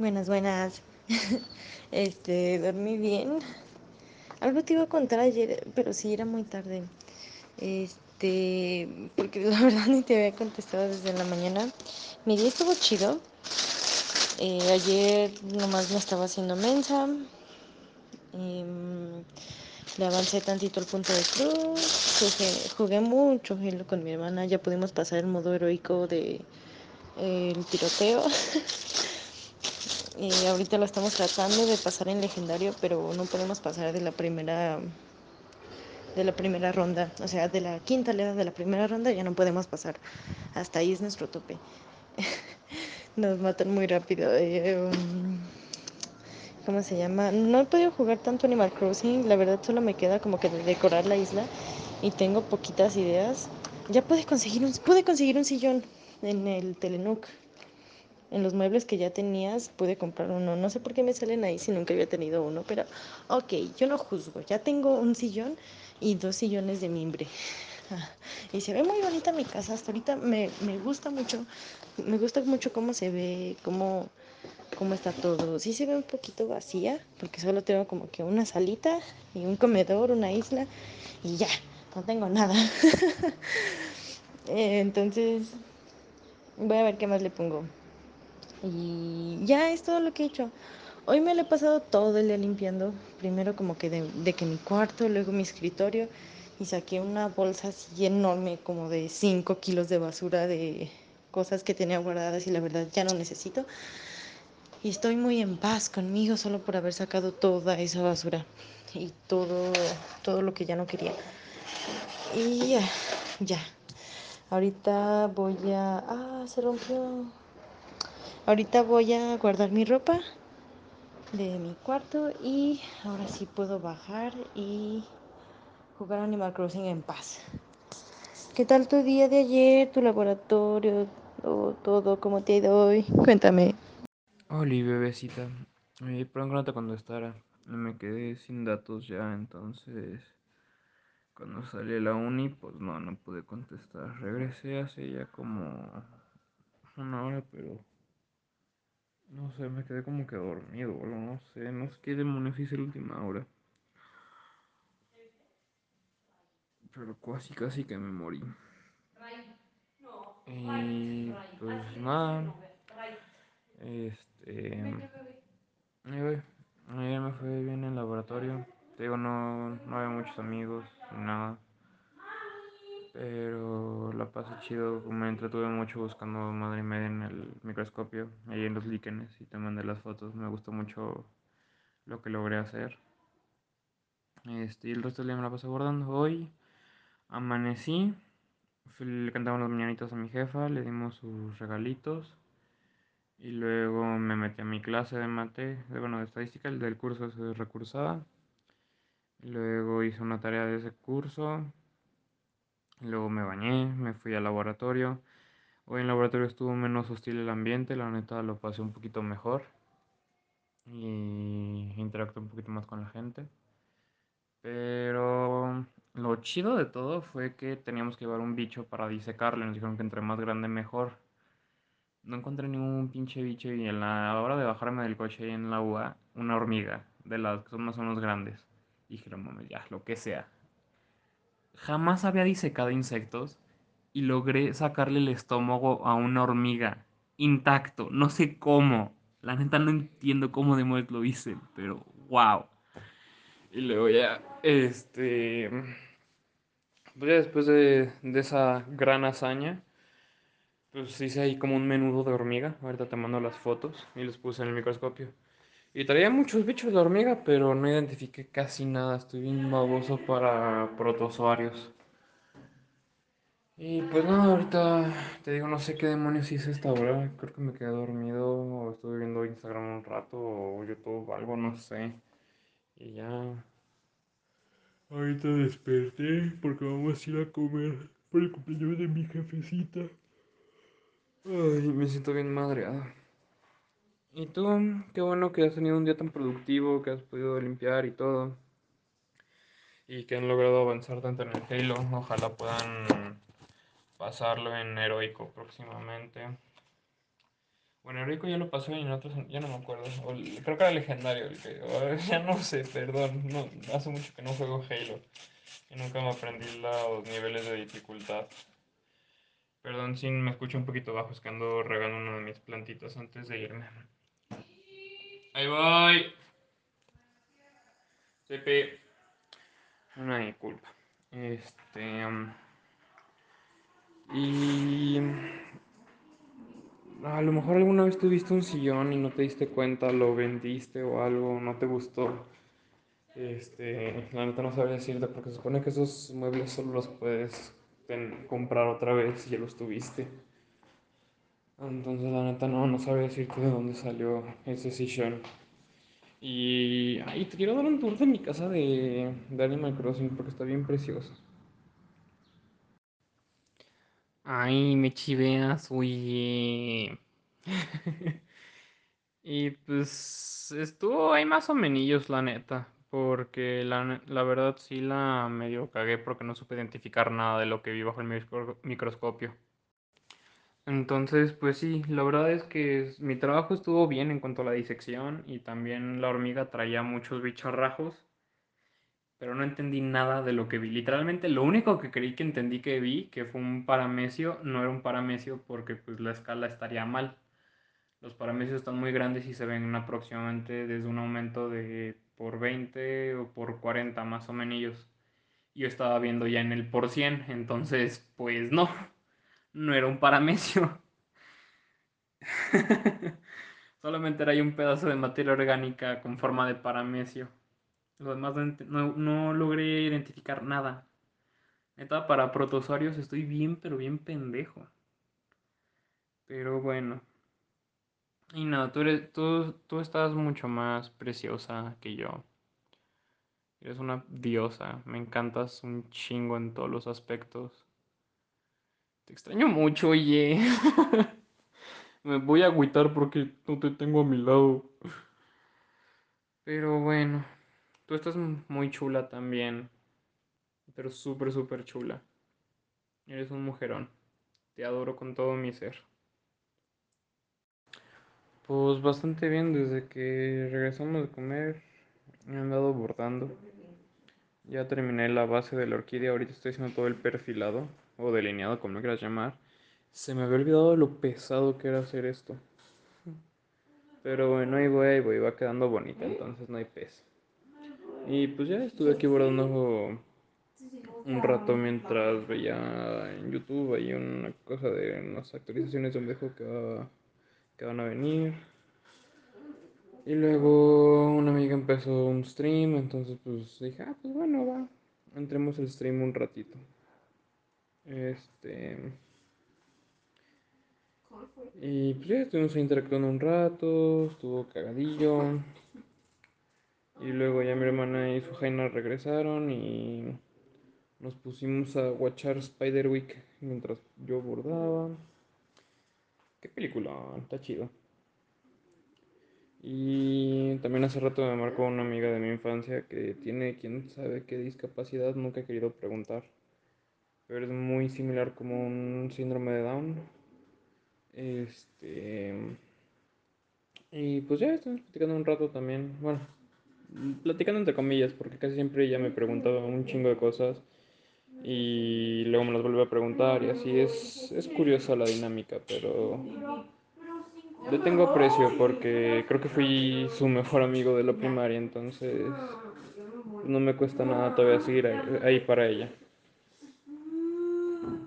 Buenas, buenas. este, dormí bien. Algo te iba a contar ayer, pero sí era muy tarde. Este, porque la verdad ni te había contestado desde la mañana. Mi día estuvo chido. Eh, ayer nomás me estaba haciendo mensa. Em, le avancé tantito el punto de cruz. Jugué, mucho con mi hermana. Ya pudimos pasar el modo heroico del de, eh, el tiroteo. Y ahorita lo estamos tratando de pasar en legendario, pero no podemos pasar de la primera de la primera ronda, o sea, de la quinta leda de la primera ronda ya no podemos pasar. Hasta ahí es nuestro tope. Nos matan muy rápido. Eh, um, ¿Cómo se llama? No he podido jugar tanto Animal Crossing, la verdad solo me queda como que decorar la isla y tengo poquitas ideas. Ya pude conseguir un, pude conseguir un sillón en el Telenook en los muebles que ya tenías pude comprar uno. No sé por qué me salen ahí si nunca había tenido uno, pero ok, yo no juzgo. Ya tengo un sillón y dos sillones de mimbre. Y se ve muy bonita mi casa. Hasta ahorita me, me gusta mucho. Me gusta mucho cómo se ve, cómo, cómo está todo. Sí se ve un poquito vacía, porque solo tengo como que una salita y un comedor, una isla y ya. No tengo nada. Entonces, voy a ver qué más le pongo. Y ya es todo lo que he hecho. Hoy me lo he pasado todo el día limpiando. Primero como que de, que mi cuarto, luego mi escritorio. Y saqué una bolsa así enorme, como de 5 kilos de basura de cosas que tenía guardadas y la verdad ya no necesito. Y estoy muy en paz conmigo solo por haber sacado toda esa basura y todo, todo lo que ya no quería. Y ya, ya. Ahorita voy a... Ah, se rompió. Ahorita voy a guardar mi ropa de mi cuarto y ahora sí puedo bajar y jugar Animal Crossing en paz. ¿Qué tal tu día de ayer, tu laboratorio, todo, todo cómo te ha ido hoy? Cuéntame. Hola bebecita. Eh, perdón que no te Me quedé sin datos ya, entonces cuando salí a la uni, pues no, no pude contestar. Regresé hace ya como una hora, pero no sé, me quedé como que dormido, boludo. No sé, no sé qué demonios hice la última hora. Pero casi, casi que me morí. Y pues nada. Este. bebé. ayer me fue bien en el laboratorio. Te digo, no, no había muchos amigos, ni nada. Pero la pasé chido, me entretuve mucho buscando madre y media en el microscopio, ahí en los líquenes, y te mandé las fotos. Me gustó mucho lo que logré hacer. Este, y el resto del día me la pasé guardando Hoy amanecí, le cantamos los mañanitas a mi jefa, le dimos sus regalitos. Y luego me metí a mi clase de mate, bueno, de estadística, el del curso es recursada Luego hice una tarea de ese curso Luego me bañé, me fui al laboratorio. Hoy en el laboratorio estuvo menos hostil el ambiente, la neta lo pasé un poquito mejor y interactué un poquito más con la gente. Pero lo chido de todo fue que teníamos que llevar un bicho para disecarle Nos dijeron que entre más grande mejor. No encontré ningún pinche bicho y en la, a la hora de bajarme del coche ahí en la UA, una hormiga, de las que son más o menos grandes. Y dije, ya, lo que sea. Jamás había disecado insectos y logré sacarle el estómago a una hormiga intacto. No sé cómo. La neta no entiendo cómo demonios lo hice, pero wow. Y luego ya, este. Pues ya después de, esa gran hazaña, pues hice ahí como un menudo de hormiga. Ahorita te mando las fotos y los puse en el microscopio. Y traía muchos bichos de hormiga, pero no identifiqué casi nada. Estoy bien baboso para protozoarios. Y pues nada, ahorita te digo, no sé qué demonios hice esta hora. Creo que me quedé dormido o estuve viendo Instagram un rato o YouTube, algo, no sé. Y ya. Ahorita desperté porque vamos a ir a comer por el cumpleaños de mi jefecita. Ay, me siento bien madreada. Y tú, qué bueno que has tenido un día tan productivo, que has podido limpiar y todo. Y que han logrado avanzar tanto en el Halo. Ojalá puedan pasarlo en Heroico próximamente. Bueno, Heroico ya lo pasó en otros, ya no me acuerdo. creo que era legendario el que. ya no sé, perdón. hace mucho que no juego Halo. Y nunca me aprendí los niveles de dificultad. Perdón si me escucho un poquito bajo, es que ando regando una de mis plantitas antes de irme. Ahí voy. Pepe. hay culpa, Este. Um, y. A lo mejor alguna vez tuviste un sillón y no te diste cuenta, lo vendiste o algo, no te gustó. Este, la neta no sabría decirte porque se supone que esos muebles solo los puedes comprar otra vez si ya los tuviste. Entonces, la neta, no, no sabe decirte de dónde salió ese sillón. Y te quiero dar un tour de mi casa de, Animal Crossing porque está bien preciosa. Ay, me chiveas, uy. y pues estuvo ahí más o menos, la neta. Porque la, la, verdad sí la medio cagué porque no supe identificar nada de lo que vi bajo el microscopio. Entonces, pues sí, la verdad es que mi trabajo estuvo bien en cuanto a la disección y también la hormiga traía muchos bicharrajos, pero no entendí nada de lo que vi. Literalmente, lo único que creí que entendí que vi, que fue un paramecio, no era un paramecio porque pues la escala estaría mal. Los paramecios están muy grandes y se ven aproximadamente desde un aumento de por 20 o por 40 más o menos. Yo estaba viendo ya en el por 100, entonces pues no no era un paramecio. Solamente era un pedazo de materia orgánica con forma de paramecio. Lo demás no, logré identificar nada. Neta, para protozoarios estoy bien, pero bien pendejo. Pero bueno. Y nada, tú, eres, tú estás mucho más preciosa que yo. Eres una diosa. Me encantas un chingo en todos los aspectos. Te extraño mucho, oye. Me voy a agüitar porque no te tengo a mi lado. Pero bueno, tú estás muy chula también. Pero súper, súper chula. Eres un mujerón. Te adoro con todo mi ser. Pues bastante bien, desde que regresamos de comer he andado bordando. Ya terminé la base de la orquídea, ahorita estoy haciendo todo el perfilado o delineado, como lo quieras llamar, se me había olvidado lo pesado que era hacer esto. Pero bueno, ahí voy, ahí voy, va quedando bonita, entonces no hay peso. Y pues ya estuve aquí bordando un rato mientras veía en YouTube hay una cosa de unas actualizaciones de un viejo que, que van a venir. Y luego una amiga empezó un stream, entonces pues dije, ah, pues bueno, entremos el stream un ratito. Este. Y pues ya estuvimos interactuando un rato, estuvo cagadillo. Y luego ya mi hermana y su Jaina regresaron y nos pusimos a watchar Spider Week mientras yo bordaba. Qué película, está chido. Y también hace rato me marcó una amiga de mi infancia que tiene Quien sabe qué discapacidad, nunca he querido preguntar pero es muy similar como un síndrome de Down. Este. Y pues ya estamos platicando un rato también. Bueno, platicando entre comillas, porque casi siempre ella me preguntaba un chingo de cosas y luego me las vuelve a preguntar y así es, es curiosa la dinámica, pero Yo tengo aprecio porque creo que fui su mejor amigo de la primaria, entonces no me cuesta nada todavía seguir ahí para ella.